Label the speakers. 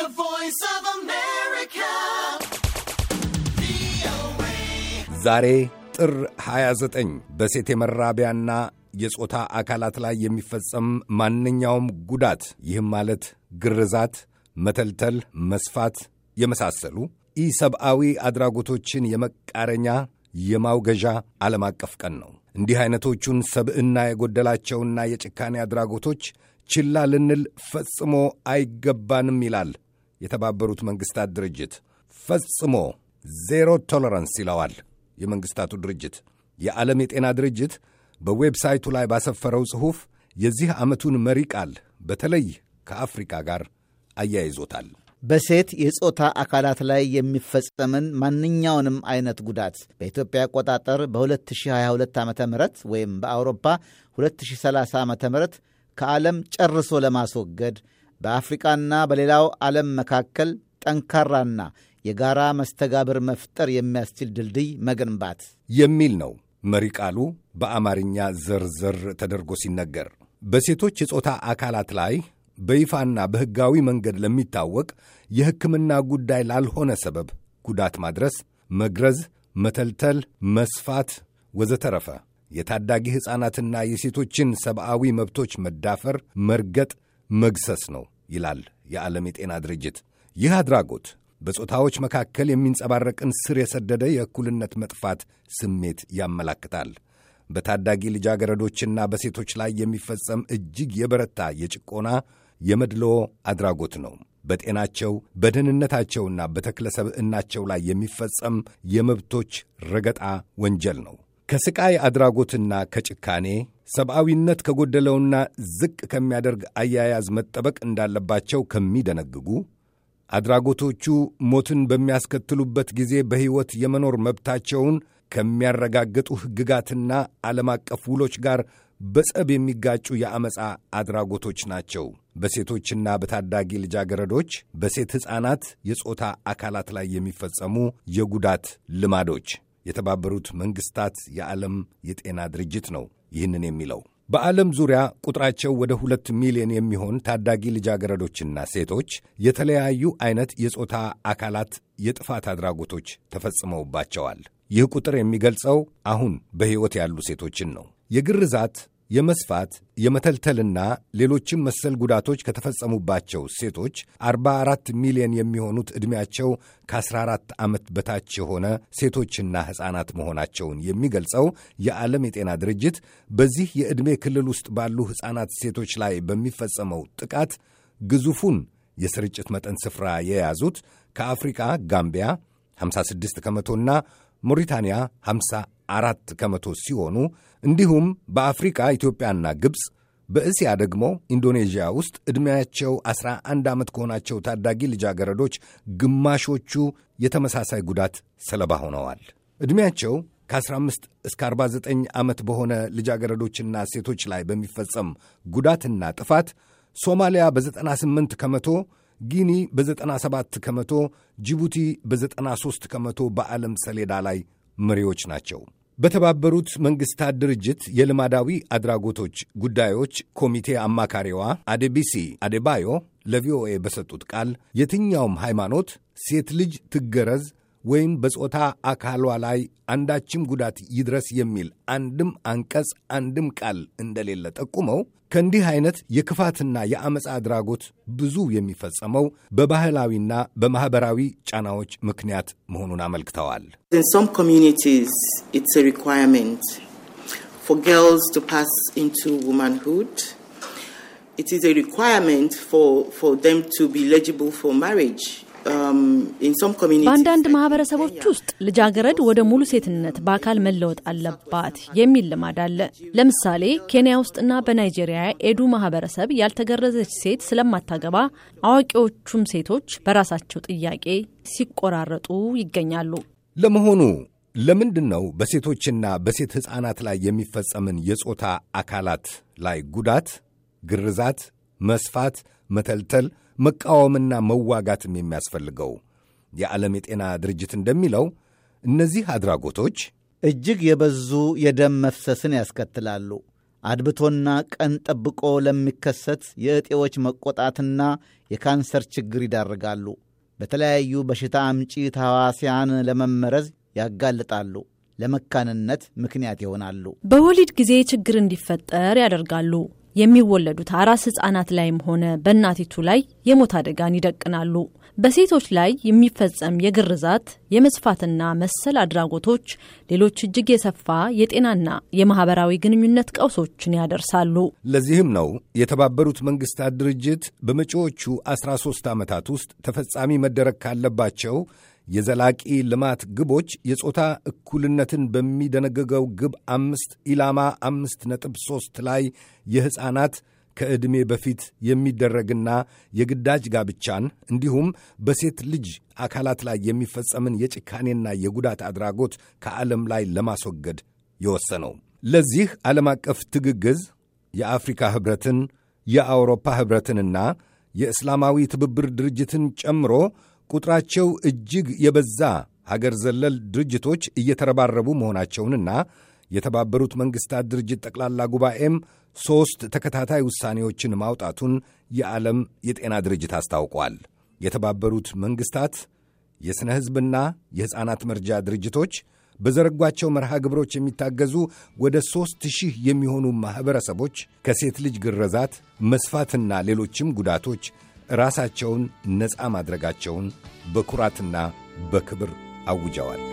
Speaker 1: The Voice of America. ዛሬ ጥር 29 በሴት የመራቢያና የጾታ አካላት ላይ የሚፈጸም ማንኛውም ጉዳት ይህም ማለት ግርዛት፣ መተልተል፣ መስፋት የመሳሰሉ ኢሰብአዊ አድራጎቶችን የመቃረኛ የማውገዣ ዓለም አቀፍ ቀን ነው። እንዲህ አይነቶቹን ሰብዕና የጎደላቸውና የጭካኔ አድራጎቶች ችላ ልንል ፈጽሞ አይገባንም ይላል የተባበሩት መንግስታት ድርጅት ፈጽሞ ዜሮ ቶለራንስ ይለዋል። የመንግስታቱ ድርጅት የዓለም የጤና ድርጅት በዌብሳይቱ ላይ ባሰፈረው ጽሑፍ የዚህ ዓመቱን መሪ ቃል በተለይ ከአፍሪካ ጋር አያይዞታል።
Speaker 2: በሴት የጾታ አካላት ላይ የሚፈጸምን ማንኛውንም አይነት ጉዳት በኢትዮጵያ አቆጣጠር በ2022 ዓ ም ወይም በአውሮፓ 2030 ዓ ም ከዓለም ጨርሶ ለማስወገድ በአፍሪቃና በሌላው ዓለም መካከል ጠንካራና የጋራ መስተጋብር መፍጠር የሚያስችል ድልድይ መገንባት የሚል ነው መሪ ቃሉ በአማርኛ ዝርዝር ተደርጎ
Speaker 1: ሲነገር በሴቶች የጾታ አካላት ላይ በይፋና በሕጋዊ መንገድ ለሚታወቅ የሕክምና ጉዳይ ላልሆነ ሰበብ ጉዳት ማድረስ፣ መግረዝ፣ መተልተል፣ መስፋት ወዘተረፈ የታዳጊ ሕፃናትና የሴቶችን ሰብዓዊ መብቶች መዳፈር፣ መርገጥ፣ መግሰስ ነው። ይላል የዓለም የጤና ድርጅት። ይህ አድራጎት በጾታዎች መካከል የሚንጸባረቅን ስር የሰደደ የእኩልነት መጥፋት ስሜት ያመላክታል። በታዳጊ ልጃገረዶችና በሴቶች ላይ የሚፈጸም እጅግ የበረታ የጭቆና የመድሎ አድራጎት ነው። በጤናቸው በደህንነታቸውና በተክለ ሰብዕናቸው ላይ የሚፈጸም የመብቶች ረገጣ ወንጀል ነው። ከስቃይ አድራጎትና ከጭካኔ ሰብአዊነት ከጎደለውና ዝቅ ከሚያደርግ አያያዝ መጠበቅ እንዳለባቸው ከሚደነግጉ አድራጎቶቹ ሞትን በሚያስከትሉበት ጊዜ በሕይወት የመኖር መብታቸውን ከሚያረጋግጡ ሕግጋትና ዓለም አቀፍ ውሎች ጋር በጸብ የሚጋጩ የአመፃ አድራጎቶች ናቸው። በሴቶችና በታዳጊ ልጃገረዶች፣ በሴት ሕፃናት፣ የጾታ አካላት ላይ የሚፈጸሙ የጉዳት ልማዶች የተባበሩት መንግሥታት የዓለም የጤና ድርጅት ነው ይህንን የሚለው በዓለም ዙሪያ ቁጥራቸው ወደ ሁለት ሚሊዮን የሚሆን ታዳጊ ልጃገረዶችና ሴቶች የተለያዩ አይነት የጾታ አካላት የጥፋት አድራጎቶች ተፈጽመውባቸዋል። ይህ ቁጥር የሚገልጸው አሁን በሕይወት ያሉ ሴቶችን ነው። የግርዛት የመስፋት የመተልተልና ሌሎችም መሰል ጉዳቶች ከተፈጸሙባቸው ሴቶች 44 ሚሊዮን የሚሆኑት ዕድሜያቸው ከ14 ዓመት በታች የሆነ ሴቶችና ሕፃናት መሆናቸውን የሚገልጸው የዓለም የጤና ድርጅት በዚህ የዕድሜ ክልል ውስጥ ባሉ ሕፃናት ሴቶች ላይ በሚፈጸመው ጥቃት ግዙፉን የስርጭት መጠን ስፍራ የያዙት ከአፍሪካ ጋምቢያ 56 ከመቶና ሞሪታንያ 54 ከመቶ ሲሆኑ እንዲሁም በአፍሪካ ኢትዮጵያና ግብፅ በእስያ ደግሞ ኢንዶኔዥያ ውስጥ ዕድሜያቸው 11 ዓመት ከሆናቸው ታዳጊ ልጃገረዶች ግማሾቹ የተመሳሳይ ጉዳት ሰለባ ሆነዋል። ዕድሜያቸው ከ15 እስከ 49 ዓመት በሆነ ልጃገረዶችና ሴቶች ላይ በሚፈጸም ጉዳትና ጥፋት ሶማሊያ በ98 ከመቶ ጊኒ በ97 ከመቶ፣ ጅቡቲ በ93 ከመቶ በዓለም ሰሌዳ ላይ መሪዎች ናቸው። በተባበሩት መንግሥታት ድርጅት የልማዳዊ አድራጎቶች ጉዳዮች ኮሚቴ አማካሪዋ አዴቢሲ አዴባዮ ለቪኦኤ በሰጡት ቃል የትኛውም ሃይማኖት ሴት ልጅ ትገረዝ ወይም በጾታ አካሏ ላይ አንዳችም ጉዳት ይድረስ የሚል አንድም አንቀጽ አንድም ቃል እንደሌለ ጠቁመው ከእንዲህ አይነት የክፋትና የአመፃ አድራጎት ብዙ የሚፈጸመው በባህላዊና በማኅበራዊ ጫናዎች ምክንያት መሆኑን አመልክተዋል።
Speaker 2: It is a requirement for, for them to be eligible for marriage. Um, በአንዳንድ ማህበረሰቦች ውስጥ ልጃገረድ ወደ ሙሉ ሴትነት በአካል መለወጥ አለባት የሚል ልማድ አለ። ለምሳሌ ኬንያ ውስጥና በናይጄሪያ ኤዱ ማህበረሰብ ያልተገረዘች ሴት ስለማታገባ አዋቂዎቹም ሴቶች በራሳቸው ጥያቄ ሲቆራረጡ ይገኛሉ።
Speaker 1: ለመሆኑ ለምንድን ነው በሴቶችና በሴት ሕፃናት ላይ የሚፈጸምን የጾታ አካላት ላይ ጉዳት፣ ግርዛት፣ መስፋት፣ መተልተል መቃወምና መዋጋትም የሚያስፈልገው። የዓለም የጤና ድርጅት እንደሚለው እነዚህ
Speaker 2: አድራጎቶች እጅግ የበዙ የደም መፍሰስን ያስከትላሉ። አድብቶና ቀን ጠብቆ ለሚከሰት የእጤዎች መቆጣትና የካንሰር ችግር ይዳርጋሉ። በተለያዩ በሽታ አምጪ ተህዋስያን ለመመረዝ ያጋልጣሉ። ለመካንነት ምክንያት ይሆናሉ። በወሊድ ጊዜ ችግር እንዲፈጠር ያደርጋሉ። የሚወለዱት አራስ ህጻናት ላይም ሆነ በእናቲቱ ላይ የሞት አደጋን ይደቅናሉ። በሴቶች ላይ የሚፈጸም የግርዛት የመስፋትና መሰል አድራጎቶች ሌሎች እጅግ የሰፋ የጤናና የማህበራዊ ግንኙነት ቀውሶችን ያደርሳሉ።
Speaker 1: ለዚህም ነው የተባበሩት መንግስታት ድርጅት በመጪዎቹ 13 ዓመታት ውስጥ ተፈጻሚ መደረግ ካለባቸው የዘላቂ ልማት ግቦች የጾታ እኩልነትን በሚደነግገው ግብ አምስት ኢላማ አምስት ነጥብ ሦስት ላይ የሕፃናት ከዕድሜ በፊት የሚደረግና የግዳጅ ጋብቻን እንዲሁም በሴት ልጅ አካላት ላይ የሚፈጸምን የጭካኔና የጉዳት አድራጎት ከዓለም ላይ ለማስወገድ የወሰነው ለዚህ ዓለም አቀፍ ትግግዝ የአፍሪካ ኅብረትን የአውሮፓ ኅብረትንና የእስላማዊ ትብብር ድርጅትን ጨምሮ ቁጥራቸው እጅግ የበዛ ሀገር ዘለል ድርጅቶች እየተረባረቡ መሆናቸውንና የተባበሩት መንግሥታት ድርጅት ጠቅላላ ጉባኤም ሦስት ተከታታይ ውሳኔዎችን ማውጣቱን የዓለም የጤና ድርጅት አስታውቋል። የተባበሩት መንግሥታት የሥነ ሕዝብና የሕፃናት መርጃ ድርጅቶች በዘረጓቸው መርሃ ግብሮች የሚታገዙ ወደ ሦስት ሺህ የሚሆኑ ማኅበረሰቦች ከሴት ልጅ ግረዛት መስፋትና ሌሎችም ጉዳቶች ራሳቸውን ነፃ ማድረጋቸውን በኩራትና በክብር አውጀዋል።